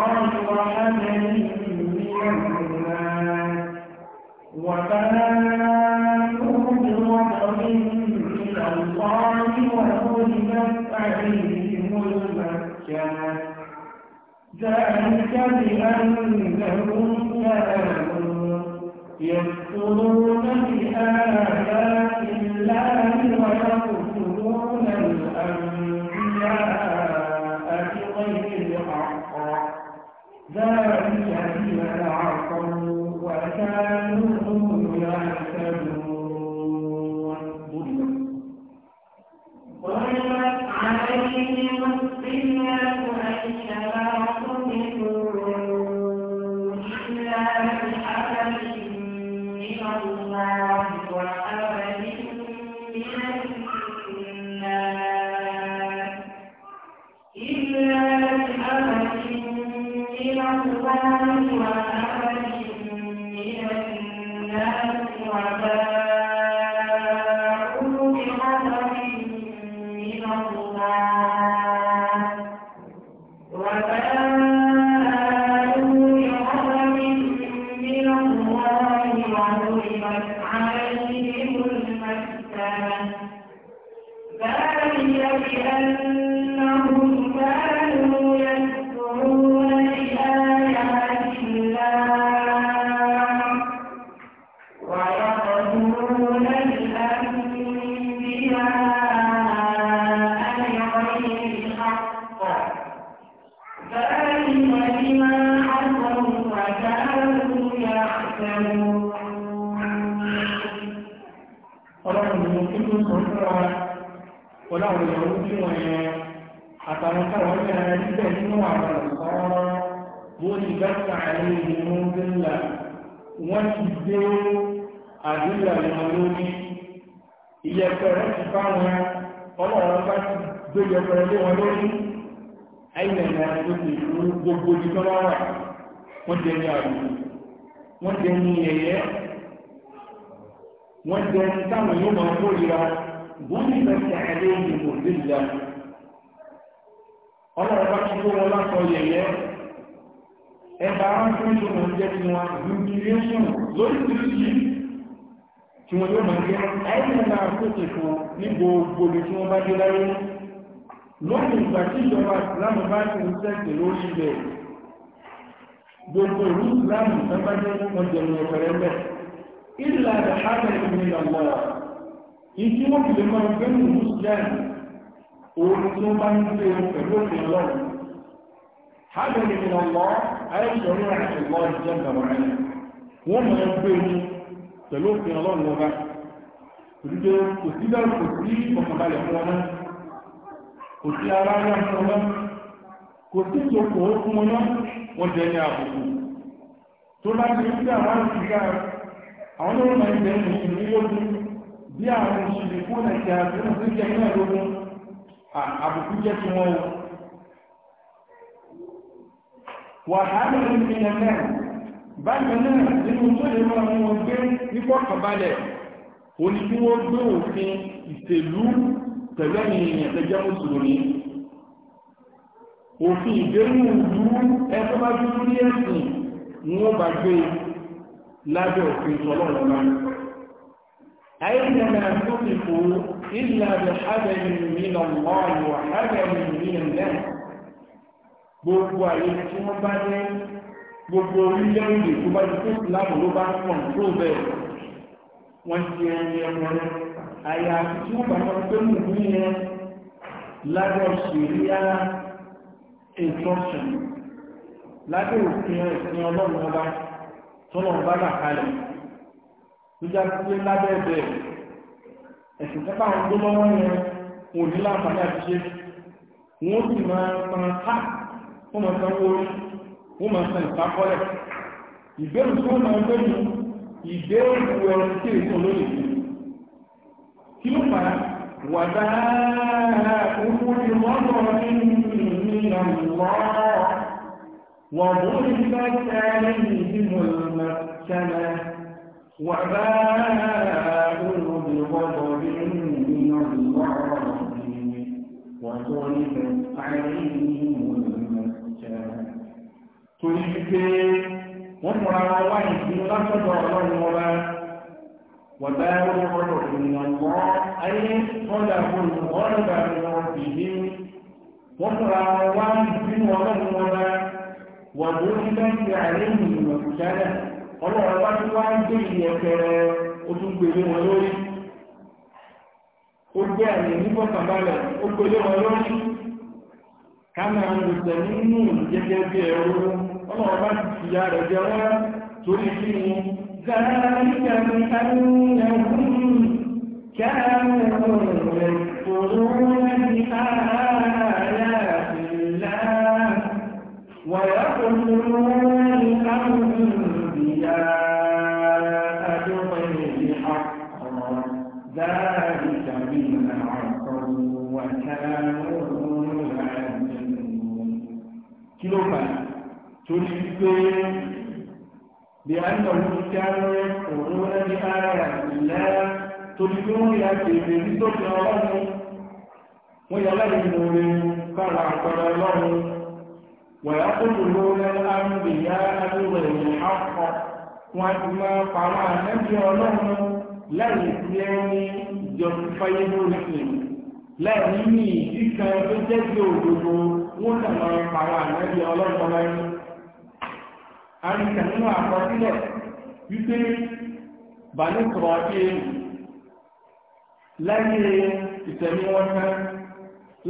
وحمل من الله وبلاءه بوضع من الله وظلمت عليهم المسكنة ذلك بأنهم كانوا يكفرون بآيات الله ويقولون كانوا بأن àtàwọn táwọn náà níbẹ̀ nínú àwọn ọ̀sán lórí bẹ́ẹ̀ àárín ìlú ńlá wọ́n ti gbé àdúrà wọn lórí ìyẹ̀pẹ̀rẹ̀ ti bá wọn ọlọ́run bá ti gbé ìyẹ̀pẹ̀rẹ̀ lé wọn lórí àìlẹ̀lẹ̀ tó ti rú gbogbo ibi tó bá wà wọ́n jẹ ní àdúgbò wọ́n jẹ ní ẹ̀yẹ wọ́n jẹ ní táwọn yóò máa kórìíra wọ́n ní bẹ́ẹ̀ àárín ìlú ńlá. ọlọ́run bá ti kó wọn lásọ yẹ̀yẹ́ ẹ̀bà arákùnrin tó jẹ́ ti wọn humiliation lórí tìrìsì tí wọ́n yóò máa jẹ́ ẹ̀yìn náà pèsè fún ní gbogbo ibi tí wọ́n bá dé láyé lórí ìgbà tí ìjọba ìsìlámù bá ti ń tẹ̀sẹ̀ lórí ilẹ̀ gbogbo ìlú ìsìlámù tó bá jẹ́ wọn jẹ̀mú ọ̀pẹ̀rẹ̀ mẹ́ ìlànà àmì ìgbìmọ̀ ìjì wọ́n fi lè máa gbẹ́mù ìsìlámù ohun tó bá ń gbé pẹ̀lú òfin ọlọ́run hajjọ́ ni wọ́n mọ́ ayẹ́sọ̀ ní àṣìkò ìjẹ́ ìgbàwọ̀n rẹ̀ wọ́n mọ̀ ẹ́ gbé ní pẹ̀lú òfin ọlọ́run wọn bá kò sí lẹ́rù kò sí ọkànbalẹ̀ fún kò sí ara rẹ̀ fún wọn kò sí fún wọn ní àbùkù tó bá ti rí àwọn àwọn ìlú bí àwọn fún àti àbùkù jẹ́ tí wọ́n wà hálà ní ẹ̀mẹ́ báyìí náà nínú tó lè máa mú wọn gbé nípọ̀kànbalẹ̀ ó ní kí wọ́n gbé òfin ìṣèlú pẹ̀lú ẹ̀yìn èèyàn tẹ́jẹ́ mùsùlùmí òfin ìgbéhùn ìlú ẹgbẹ́ bá dúdú ní ẹ̀sìn ni wọ́n bá gbé lábẹ́ òfin tọ́lọ́run náà ayé ìjọba tó ti fòó إلا بحبل من الله وحبل من الناس gbogbo àyè tí wọ́n bá ní gbogbo orílẹ̀-èdè tó bá ti tó ìsìláàmù ló bá ń kọ̀ǹtró bẹ́ẹ̀ wọ́n ti ẹni ẹmọ rẹ̀ àyà tí wọ́n bá sọ pé mú ní ẹ lábẹ́ òṣèré ara instruction lábẹ́ òfin ẹ̀sìn ọlọ́run ọba tọ́lọ́run bá bà kalẹ̀ tó já sí lábẹ́ bẹ́ẹ̀ ẹ̀sìn tẹ́pá àwọn tó lọ́wọ́ yẹn wọn ò ní láǹfààní àti ṣe wọn sì máa san ká wọn máa san orí wọn máa san ìpákọ́lẹ̀ ìbéèrè tó máa ń gbẹ́nu ìbéèrè ẹ̀rọ tí èso lónìí kí ló fà á wàdà òkúri lọ́dọ̀ nínú ìlànà wọ́n bó ní bá tẹ́lẹ̀ nínú ìlànà tẹ́lẹ̀ wàdà òkúri بغضب من الله وضربت عليهم المسجد torí pé wọ́n múra wọn wá ìdúró látọ̀dọ̀ ọlọ́run ọba wọ̀dá ẹ̀rọ ọ̀rọ̀ ìrìnàmọ́ ayé kọ́dà gbòòrò ọ̀rọ̀ ìgbà wọn fìdí wọ́n múra wọn wá ìdúró ọlọ́run ọba wọ̀dó nígbà tí ààrẹ ìrìnàmọ́ ìjálẹ̀ ọlọ́run ọba tí wọ́n á gbé ìyẹ̀kẹ̀rẹ̀ ó gbèrè wọn lórí gbogbo àmì nífọ̀kànbalẹ̀ ó pèlé wọn lọ́rí kánà lùtẹ̀ nínú gẹ́gẹ́ bí ẹ̀rọ ọlọ́wọ́ bá ti fi ya rẹ̀ jẹ wọ́n torí kí ni ذلك بأنهم كانوا يكفرون بآيات الله ويقولون torí wípé bí a ń lọ ní kárẹ́ òun rẹ̀ ní ara ìlà torí pé wọ́n yà bèèrè nítorí ọlọ́run wọ́n yà láì mú rẹ̀ kára àpẹẹrẹ ọlọ́run wọ̀yá tó kò lóore amúbìyá adúrẹ̀ ìhàkọ́ wọn a ti máa pàmò ànábì ọlọ́run láì sí ẹni ìjọba fáyé lórí ìlú láì ní ìdí tó jẹ́ bí òdodo wọ́n tàn máa pàmò ànábì ọlọ́run ọlọ́run àríkà nínú àkọsílẹ̀ wípé bàní sọ̀rọ̀ ayé láyé ìtẹ̀mí wọn tán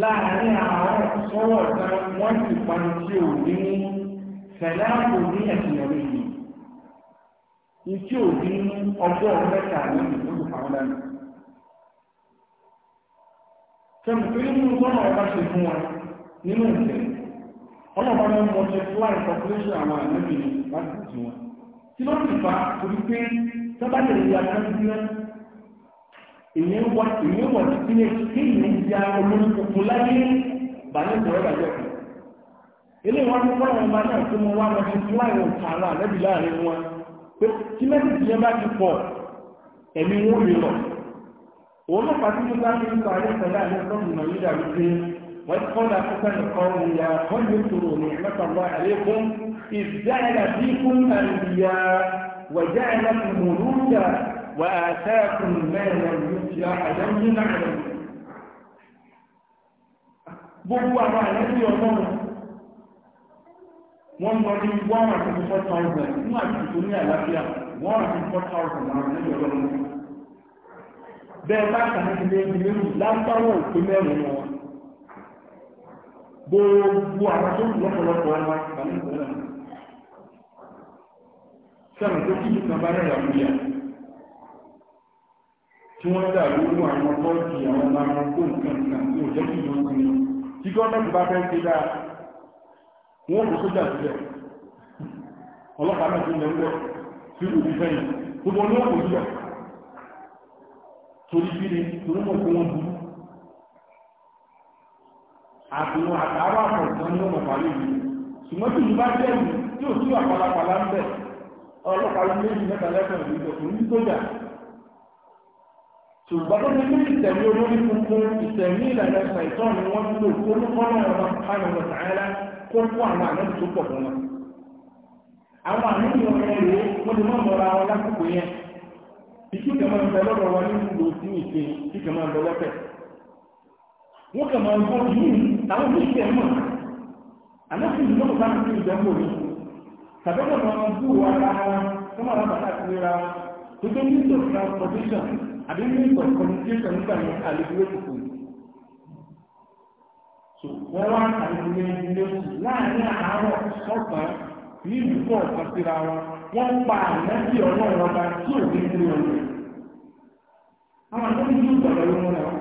láàárín àwọn sọ́wọ́ tán wọ́n ti panu tí ò ní ní sẹ̀lá kò ní ẹ̀sìn ọ̀rẹ́ yìí tí ò ní ọjọ́ mẹ́ta ní ìlú àwọn dání. sọ̀rọ̀ pé nínú sọ́nà ọba ṣe fún wọn nínú ìtẹ̀mí ọlọ́pàá ní multiply population àwọn ànábì ní láti tì wọn tí ló ti fa torí pé sábà lè ya kájú náà èyí wà èyí wà títí ní kéèyàn ń ya olórí tuntun láyé bàálẹ̀ ìjọba ìjọba kan eléyìí wọn ní fọlọ́n ọba náà tó mọ wá fly òkà àwọn ànábì láàrin wọn pé tí mẹ́tìtì yẹn bá ti pọ̀ ẹ̀mí wọn lè lọ òun náà pàtó tó bá ń sọ ayé pẹ̀lú àyẹ̀kọ́ ìmọ̀ yíyà wípé وإذ قال أحسن القوم يا قوم اذكروا نعمة الله عليكم إذ جعل فيكم أنبياء وجعلكم ملوكا وآتاكم ما لم يؤت أحدا من عليكم gbogbo àwọn àlẹ́bí ọlọ́run wọ́n lọ ní one hundred and four thousand nínú àtìkò ní àlàáfíà one hundred and four thousand àwọn àlẹ́bí ọlọ́run bẹ́ẹ̀ bá kàn ní ilé ìlú lágbáwọ̀ òpin mẹ́rin wọn gbogbo àwọn tó ń lọ́pọ̀lọpọ̀ ọmọ ìpàdé ìpínlẹ̀ sẹ́wọ̀n tó kí nìkan bá rẹ̀ làwúyà tí wọ́n dà lórí àwọn bọ́ọ̀dì àwọn ọmọ àwọn kó nǹkan nǹkan tí ò jẹ́ kí ìlú sí ni tí gọ́ọ̀mẹ́ntì bá fẹ́ ṣe dáa wọ́n kò sójà sílẹ̀ ọlọ́pàá náà tó lẹ́wọ́ sí òbí fẹ́yìn gbogbo ní ọkọ̀ sílẹ̀ torí kí ni torí mọ̀ pé wọ́n burú àtìwọn àtàwọn àpọ̀tán ní ọmọ pàlú yìí ṣùgbọ́n tí ìbá jẹ́ ìlú tí ò sí àpàlàpàlà ń bẹ̀ ọlọ́pàá méjì mẹ́ta lẹ́sàn ìlú ìjọkùn ní sójà ṣùgbọ́n tó ní olórí funfun ìlànà ni wọ́n lò kó àwọn tó pọ̀ fún wọn àwọn rèé wọ́n kà máa ń gbọ́ yìí táwọn tó ṣe mọ̀ àlọ́sìn ìlú náà bá ń fi ìjọ mọ̀ yìí tàbí kà máa ń bú wa ara wọn tó máa bá bàtà sí ra tó tó ní ìtọ̀ transportation àbí ní ìtọ̀ communication nígbà yẹn àlejò kòkò wọ́n wá àlejò ilé láàárín àárọ̀ sọ́kàn ní ìlú kọ̀ọ̀kan síra wọn wọ́n pa àlẹ́bí ọlọ́run ọba tí ò ní ìlú ọ̀rẹ́ àwọn àtọ́jú ìgbàlódé wọn náà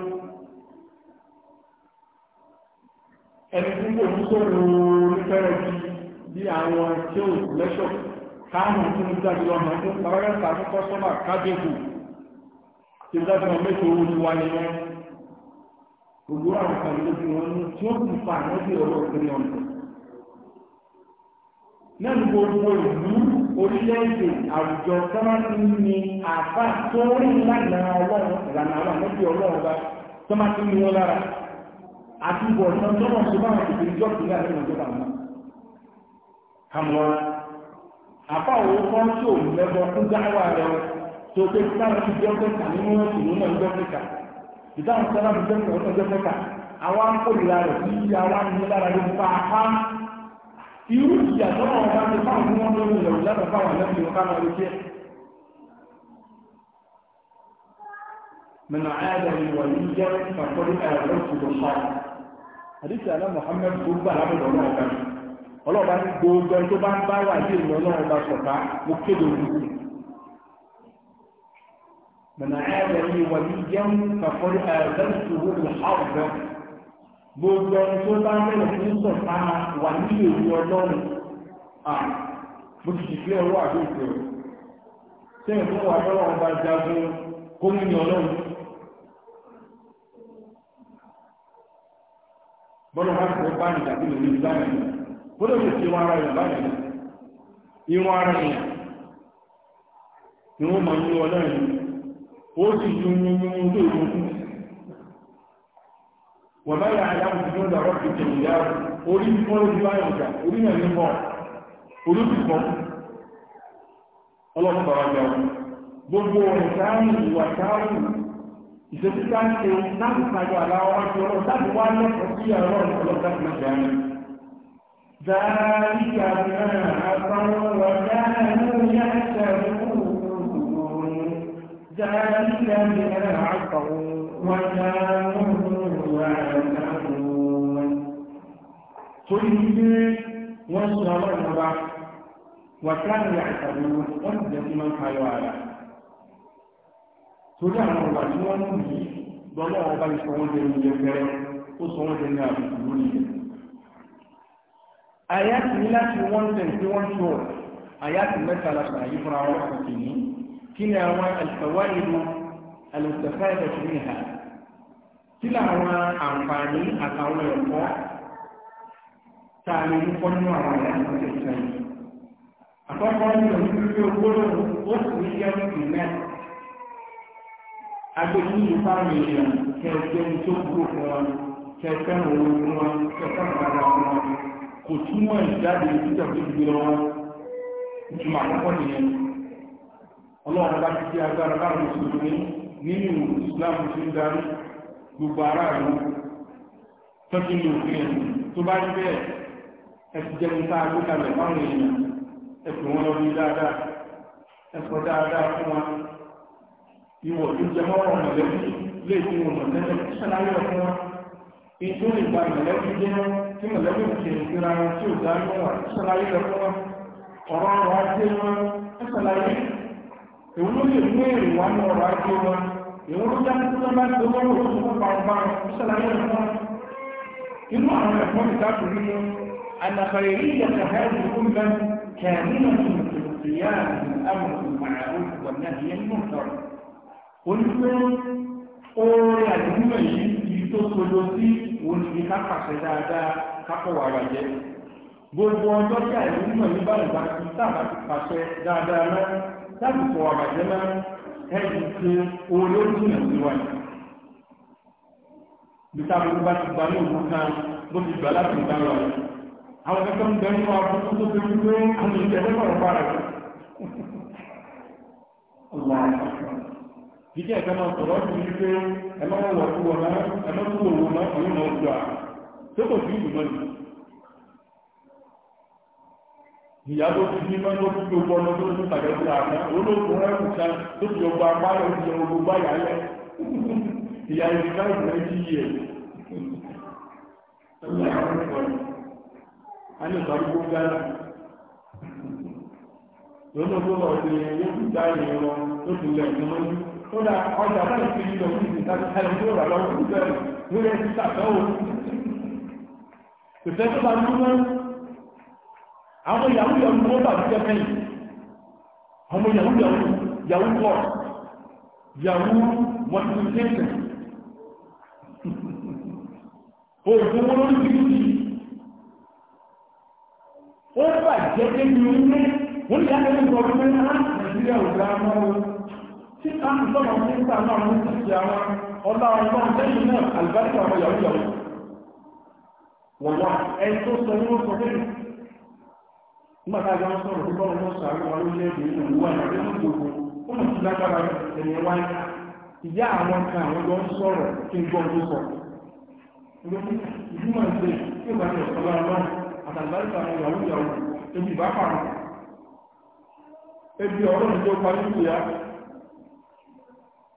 ẹni tí kò ní sọ̀rọ̀ onífẹ́rẹ̀ bí bí àwọn tí ó lẹ́ṣọ̀ káàmù jáde lọ mọ̀ fún kọ́sọ́mà tí ó jáde lọ mẹ́tò owó ní wáyé gbogbo àwọn ní tí ó kù fa àwọn ọ̀rọ̀ òkèrè ọ̀nà ní gbogbo ìlú orílẹ̀-èdè àwùjọ àti ìbọ̀ ọ̀sán tó náà ṣe báwọn ètò ìjọ ìpínlẹ̀ àti ìrìnàjò bá wọn. àmọ́ àpá òun kan tí òun lẹ́bọ̀ fún dáwà rẹ tó pé sáà ti jẹ́ pẹ́ta nínú ìlú náà jẹ́ pẹ́ta ìdáhùn sáà ti jẹ́ pẹ́ta náà jẹ́ pẹ́ta àwa ń kórìíra rẹ̀ sí iye àwa ní lára ló fa apá irú ìyà tó náà bá ti fáwọn tí wọ́n lórí ìlọ̀ ìlànà fáwọn lẹ́yìn ìwọ̀n ká máa lókè من عاد من ولي فقل آلوت بصائر àdìsí àná Muhammad gbogbo alábọ̀dọ̀ ọ̀nà ọ̀gá ọlọ́ọ̀bá ní gbogbo ẹni tó bá ń bá wà ní ìlú ọlọ́run bá sọ̀tá mo kéde òkú mọ̀nà ẹ̀rọ ni wà ní jẹun kàfọ́rí ẹ̀rẹ́sì owó ìhàwùrẹ́ gbogbo ẹni tó bá ń bẹ̀rẹ̀ sí sọ̀tá wà ní ìlú ọlọ́run à mo ti ṣìṣẹ́ ọwọ́ àdókòrò sẹ́yìn tó wà lọ́wọ́ ọba jagun kó bọ́lá wá sí ọgbà nìkan tí lòdì bá nìkan bọ́lá sí ara yẹn bá nìkan ara yẹn ni wọ́n máa ó sì yá orí fún orí ní orí gbogbo ọ̀rẹ́ ìṣètí ká ń ṣe láti tajú àlá ọwọ́ ti ọlọ́run láti wá lẹ́kọ̀ọ́ sí ẹ̀rọ ọlọ́run láti máa jẹun. Dáríkà náà àtàwọn ọ̀gá ẹ̀mú yá ṣẹ̀rú ذلك من عطوا وكانوا يعلمون كل وصل الرب وكانوا يعتبرون قد من حيوانا torí àwọn ọ̀gbà tí wọ́n ń yí lọ́lọ́ ọba ìṣọwọ́n jẹ oúnjẹ fẹ́rẹ́ ó sọ wọ́n jẹ ní àbùkù lórí rẹ̀ àyà ti ní láti wọ́n tẹ̀ sí wọ́n tó àyà ti mẹ́ta láti àyè fúnra wọn kò sì ní kí ni àwọn àlùfẹ́wá ìlú àlùfẹ́fẹ́ ìdọ̀tí ní ìhà kí làwọn àǹfààní àtàwọn ẹ̀kọ́ tá a lè nínú àwọn àyà tó tẹ̀ sí àkọ́kọ́ nínú ìlú gbogbo ó sì ní yẹ́rù agbẹ̀yìn yìí fáwọn èèyàn kẹ̀kẹ́ tó kúrò fún wọn kẹ̀kẹ́ òun fún wọn kẹ̀kẹ́ ìgbàgbà fún wọn kò túmọ̀ ìjáde títà tó gbé lọ wọn ìtumọ̀ àkọ́kọ́ nìyẹn ọlọ́run bá ti di Islam ti gbogbo ara ìwọ̀ tó jẹ mọ́ wọn mọ̀lẹ́bí lè fi wọn mọ̀lẹ́bí tó ṣàlàyé ọ̀fún wọn ìjọ lè gba mọ̀lẹ́bí jẹ́ tí mọ̀lẹ́bí kò ṣe ìgbéra wọn tí ò dá mọ́ wọn tó ṣàlàyé ọ̀fún wọn ọ̀rọ̀ ọ̀rọ̀ ajé wọn tó ṣàlàyé èwo ló lè mú èrè wá ní ọ̀rọ̀ ajé wọn èwo ló já tó bá tó lọ́rọ̀ tó fún pàǹpà tó ṣàlàyé ọ̀fún wọn inú àwọn ẹ̀kọ́ ìdáàbò nínú الخيرية هذه الأمة كاملة في القيام بالأمر بالمعروف والنهي عن المنكر onígbé oore àdúgbò yìí ibi tó tojo sí òun ni ká pàṣẹ dáadáa kápọ̀wà ara jẹ gbogbo ọjọ́ tí àìdúgbò yìí bá ìgbà tí sábà ti pàṣẹ dáadáa náà láti pọ̀ ara jẹ náà ẹ̀sìn ṣe oore ó jìnà sí wa yìí bíta gbogbo bá ti gba ní (laughs) jíjẹ́ ẹ̀ka máa sọ̀rọ̀ ọ̀dùn ní pé ẹ máa wọ̀ fún náà ẹ máa kú náà òun náà gbà tó kò sí ìdùnnà yìí. ìyá ti ní máa ń tó àná olóògùn rẹ̀ kù tó apá rẹ̀ ìyá ìlú rẹ̀ ti yẹ. a ní yóò dá ìrìn lọ tó kódà ọjà bá ìpín nílò fún ìsìnkú ẹni tó rà lọ́wọ́ ìjọ ẹ̀ lórí ẹni sàtọ́wò kò fẹ́ tó bá ní mọ́ àwọn ìyàwó yàwó ni wọ́n bà ní jẹ́fẹ́ yìí ọmọ ìyàwó yàwó yàwó pọ̀ yàwó multiplication òògùn wọn lórí bíbí ó bà pé ní orílẹ̀ wọ́n ní àgbẹ̀rẹ̀ ìgbọ̀gbẹ̀ náà nàìjíríà ò gbà mọ́ tí a ń àwọn ọlá ọlọ́run lẹ́yìn náà àlùbáríkà ọmọ yàwó sọ ní wọ́n sọ fẹ́ nígbà tá a jọ ń sọ̀rọ̀ tó bọ́ọ̀lù náà sàárẹ̀ wọn lóṣẹ́ èdè nínú ìwú àná ní gbogbo ó mọ̀ sí lágbára ẹ̀mí wá ìyá àwọn kan àwọn jọ ń sọ̀rọ̀ kí n gbọ́n tó sọ ìgbìmọ̀ ìgbé tí ó bá ní ọ̀sán lára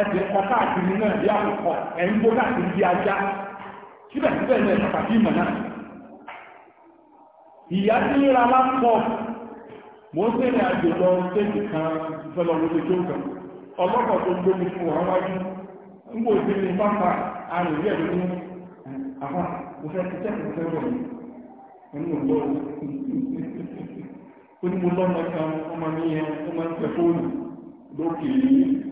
ẹsẹ̀ kọ káàkiri náà bí àkùkọ ẹ̀yìn kó káàkiri bí ajá síbẹ̀síbẹ̀ ní ẹ̀sẹ̀ pàtí náà ìyá tí ń ra lápọ̀ mo ń sẹ́yìn àjò lọ sẹ́yìn kan fẹ́lọ lóde tó kàn ọlọ́pàá tó fún wájú ń sí ní pápá mo ti ó ní mo kan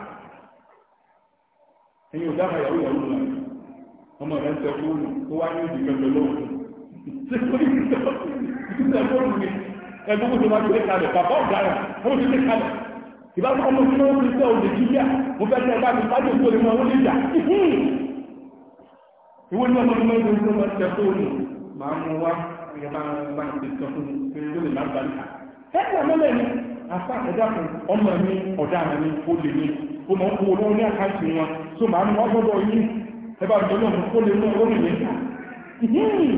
ẹ̀yin ò dáhà ìyàwó ìyàwó rẹ̀ ọmọ rẹ̀ ń tẹ fóònù ó wá ní ìdìkan pẹ̀lú òun ṣé kò ní ìdíkà fóònù ni ẹgbẹ́ kó tó máa gbé kalẹ̀ bàbá ọ̀daràn wọ́n ti gbé kalẹ̀ ìbámu ọmọ tí wọ́n ti tẹ́ òde jíjà mo fẹ́ tẹ́ ẹ bá mi bá tó kóni lè jà ìwé ní ọmọ ọmọ ìwé tó máa tẹ fóònù máa mú wá ìyá bá ń bá ń tẹ ó máa ń kó ní àkáǹtì wọn tó máa ń yìí ẹbá ìjọba kó lè mú ọwọ́ mi lẹ́yìn ìhìn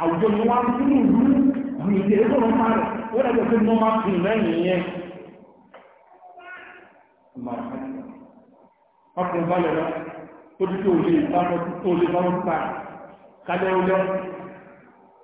àwùjọ ni wọ́n á sínú ìlú àwọn ìdí ẹgbẹ́ wọn máa rẹ̀ wọ́n pé wọ́n máa fi yẹn ọkùnrin lọ ó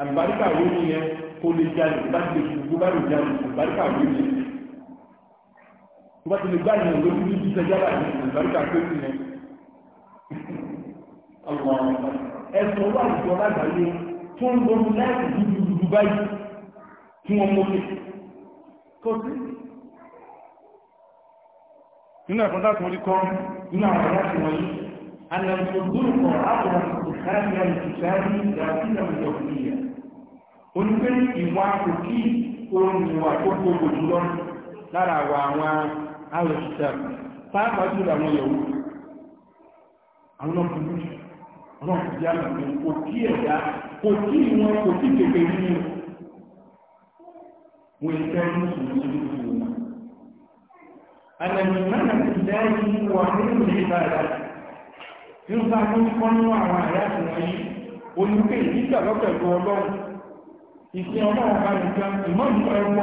àlùbáríkà wo ni yẹn kó lè jalè bá lè gbogbo bá lè jalè àlùbáríkà wo ni yẹn tó bá ti lè gbá ìyẹn lórí ní ìdíje jábà ní àlùbáríkà pé sí yẹn ẹ̀sùn wà lùsọ lágbàáyé tó ń lọ láti dúdú dúdú báyìí tí wọ́n mọ́lé kọ́ sí nínú ẹ̀kọ́ láti orí kọ́ nínú àwọn aláṣẹ wọ̀nyí àlàyé òdúrùkọ̀ àwọn òṣìṣẹ́ àti ìṣẹ́ àti ìṣẹ́ àti ìṣẹ́ onígbé ìwà òkí ohun ìwà tó gbogbo jùlọ lára àwọ̀ àwọn alòṣìṣẹ́ pàápàá jùlọ àwọn yòówù àwọn ọkùnrin ọlọ́pùn jẹ́ àmàmì òkí ẹ̀dá òkí wọn òkí kèké nínú wọn ìfẹ́ mùsùlùmí wọn alẹ́mì náà ti lẹ́yìn wà nínú ìbára nípa tó ń kọ́ nínú àwọn àyà ìdíjà ọlọ́run ìsìn ọmọ bá nìkan ìmọ̀nù ẹ̀wọ́ ní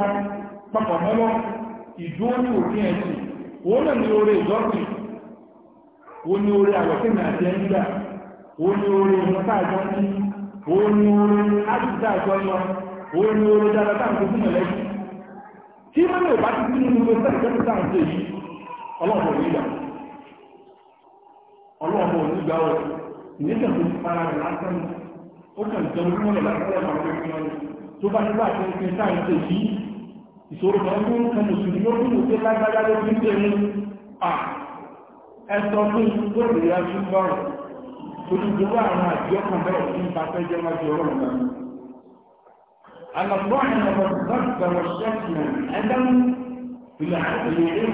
òfin ẹ̀sìn náà ní oore ní oore àti ní oore àjọ ní ní oore àjọ ní oore dára fún ẹlẹ́yìn wọ́n bá ti kú nínú sẹ́yìn ṣe yìí ò ní gbà ò ní gbà ọ̀ tó bá nígbà tó ń pè sáà ń pè sí ìṣòro kan tó ń kan mùsùlùmí ó kúrò pé lágbájá ló fi ń pè mú à ẹsọ fún tó lè yá sí bọ́ọ̀rọ̀ olùdówó àwọn àjọ kan bẹ́ẹ̀ sí ń bá fẹ́ jẹ́ wájú ọlọ́run náà الطعن والضرب والشتم الأدب بالعلم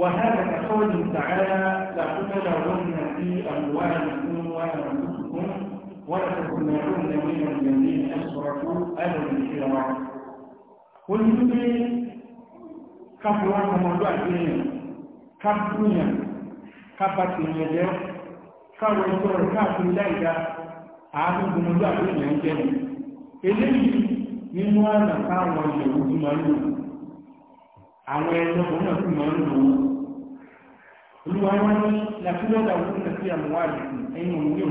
وهذا كقول تعالى لقتلهن في أموالكم وأنفسكم ولتسمعن من الذين أشركوا أهل الكرام قل يبي káfí wá kọmọ ọdún àgbéyàn káfíyàn kábàtì ìyẹ̀jẹ́ káwọ ẹjọ́ rẹ̀ káàkiri láìdá àádọ́gbọ̀n ọdún àgbéyàn náà máa ń lò olúwa wọn ní ẹ̀yìn òun ní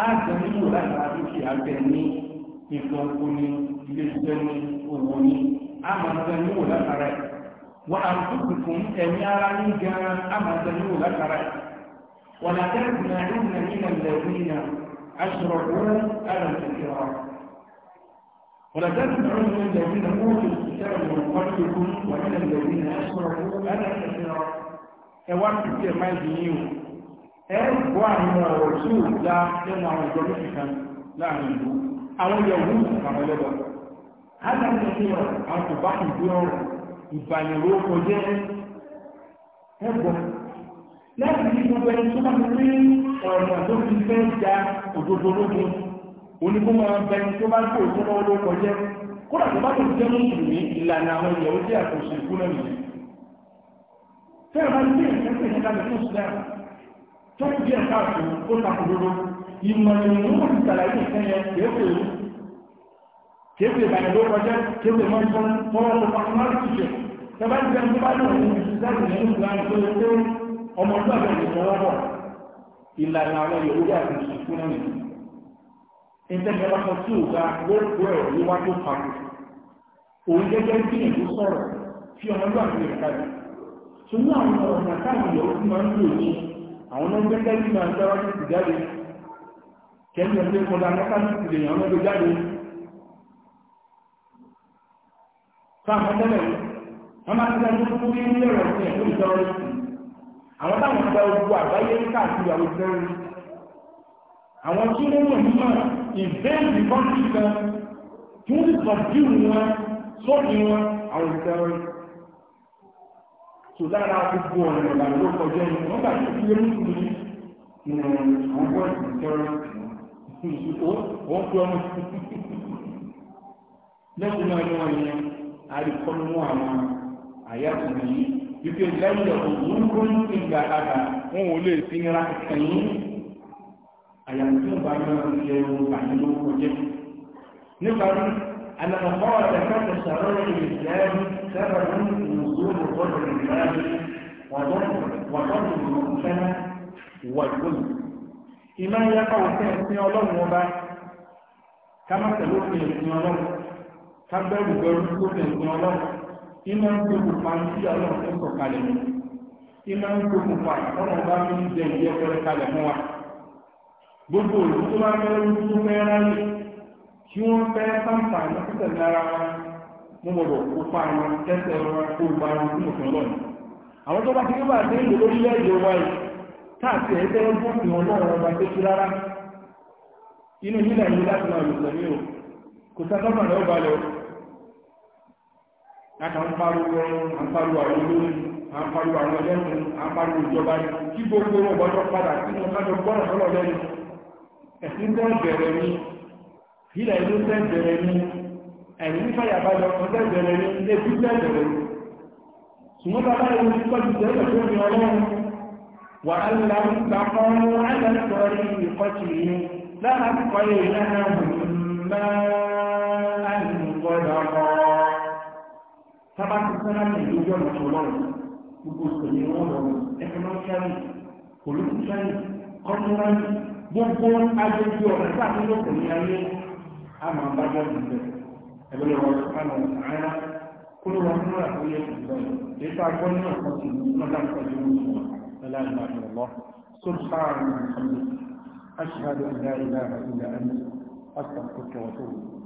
ààtẹ nínú láìpẹ́ dúkìá bẹ ní nǹkan oko ní iléeṣẹ́ ní owó ní àmàtẹ níwò látara ẹ̀ wọ́n àtúntò fún ẹ̀mí ara ní gan àmàtẹ níwò látara ẹ̀ wọ́n àtẹ́kùn náà ní nàìjíríà lẹ́gbẹ̀ẹ́ أشربوا ألم تكرار ولا تسمعوا من الذين أوتوا الكتاب من قبلكم ومن الذين أشركوا ألم تكرار أوان كثير ما يجيئون ẹ̀rù gbọ́ àwọn ọ̀rọ̀ tí ó dá nínú àwọn ìjọ méjì kan láàrin ìlú àwọn ilẹ̀ àwọn ẹlẹ́bọ̀ adam ní ṣe ọ̀rọ̀ àwọn kò bá ìgbé láti gbogbo ẹni tó máa fi ọ̀rọ̀ tó fi fẹ́ òdodo tó bá kódà tó bá tó tó ń jẹ́ káàkiri ó takò dodo ìmọ̀ ìrìnlẹ̀ ó ti sàlàyé ìfẹ́yẹ kéèké kéèké ìbànújẹ́ ó kọjá kéèké mọ́ ìfọ́n tọ́wọ́ tó pàtó máa ti ṣe tọ́ba ti sẹ́ni tó bá lọ sí ìṣẹ́sì nínú ìlànà tó yẹ ọmọ ọdún àbẹ̀ ìṣọwọ́bọ̀ ìlànà àwọn Yorùbá àti ìṣìkú náà nìyí ìtẹ́gbẹ́ bá sọ sí òga lóògbé níwájú kan òun gẹ́gẹ́ bí ìlú sọ̀rọ̀ fi ọmọdún àbẹ̀ ìṣẹ́sì ṣùgbọ́n àwọn ọmọ ẹgbẹ́ tẹ́lú ìmọ̀ tẹ́rọ́rìsì jáde kẹ́lú ẹgbẹ́ kọjá mẹ́tàlìsì lè yàn ọmọdé jáde sáàmù tẹ́lẹ̀ wọ́n máa ń tẹ́lẹ̀ tó kú ní ilé ọ̀rọ̀ sí ẹ̀kọ́ ìtẹ́rọ́rìsì àwọn táwọn ọgbà ogun àgbáyé ń káàkiri àwọn ìtẹ́rọ́rìsì àwọn tí wọ́n wọ̀ nímọ̀ ìbéèrè kọ́ńtì kan tí wọ́n ti sọ̀bí wọn sọ́ọ̀kì wọn àwọn ìtẹ́rọ́rìsì tó lára gbogbo ọ̀rẹ́ ọ̀la ló kọjá ní wọ́n gbàgbé tí ó ń kú ní àwọn bọ́ọ̀sì tẹ́rọ wọ́n fi ọmọ lẹ́kùn náà ni wọ́n yẹn àríkọ́nú àwọn àyàtúndì yìí wípé lẹ́yìn ọ̀gbọ̀n ń kó ní ìgbà àgbà wọn ò lè fi nira kẹyìn àyàtúndì bá náà ń jẹun àyẹ̀wò kọjá nípa أن مقالة كم شرائع الإسلام سبب نزول قدر المال وضرب المؤمنة والظلم إما يقع في ẹ̀sìn ọlọ́run ọba ká má tẹ̀lé òfin ẹ̀sìn ọlọ́run ká bẹ̀rù bẹ̀rù tó fi ẹ̀sìn ọlọ́run iná ń gbogbo pa ní sí ọlọ́run tó sọ kalẹ̀ mọ́ tí wọ́n fẹ́ sáǹtà ní pípẹ̀ lára wọn mo mọ̀rọ̀ kópa wọn tẹ́sẹ̀ wọn kó gba wọn sí òfin ọlọ́run àwọn tó bá ti gbà sí ìlú lórílẹ̀ èdè wa yìí káàkiri ẹgbẹ́ ọdún òfin ọlọ́run ọba tó ti rárá inú nílẹ̀ yìí láti máa lò sẹ́mi o kò sá sọ́kàn lọ́wọ́ balẹ̀ o láti àwọn pariwo àwọn pariwo àwọn olórí àwọn pariwo àwọn ẹlẹ́sìn àwọn pariwo ìjọba kí gbogbo wọn gbọdọ̀ padà sínú kájọ gbọ́dọ̀ sọ́lọ́ lẹ́nu ẹ̀sìn tó ń ilẹ̀ ìlú tẹ́ bẹ̀rẹ̀ ní ẹ̀yìn fẹ́yà bájọ kan tẹ́ bẹ̀rẹ̀ ní ilé bí tẹ́ bẹ̀rẹ̀ ṣùgbọ́n bàbá ìlú ti kọ́ ju tẹ́lẹ̀ tó ní ọlọ́run wà á lè láwọn ìgbà kan mú àjẹsọ̀rọ̀ ní ìkọ́ tì í lára kọ́ lè yára mọ̀ àìmọ̀gbọ́dọ̀ kọ́ tábà ti sára ní ìlú yọ̀nà ọlọ́run gbogbo ìsòyí wọn lọ ẹkọnọ́kíárì pòlítíkárì kọ́ńtúrárì gbogbo agbègbè ọ̀rẹ́ sáà tó lọ́kùnrin ayé امر بدل من ذلك يقول الله سبحانه وتعالى كل وهم اقوياء بذلك يدفع كل من قتل مثلا قتلوا لا الله سبحان من اشهد ان لا اله الا انت استغفرك واتوب اليك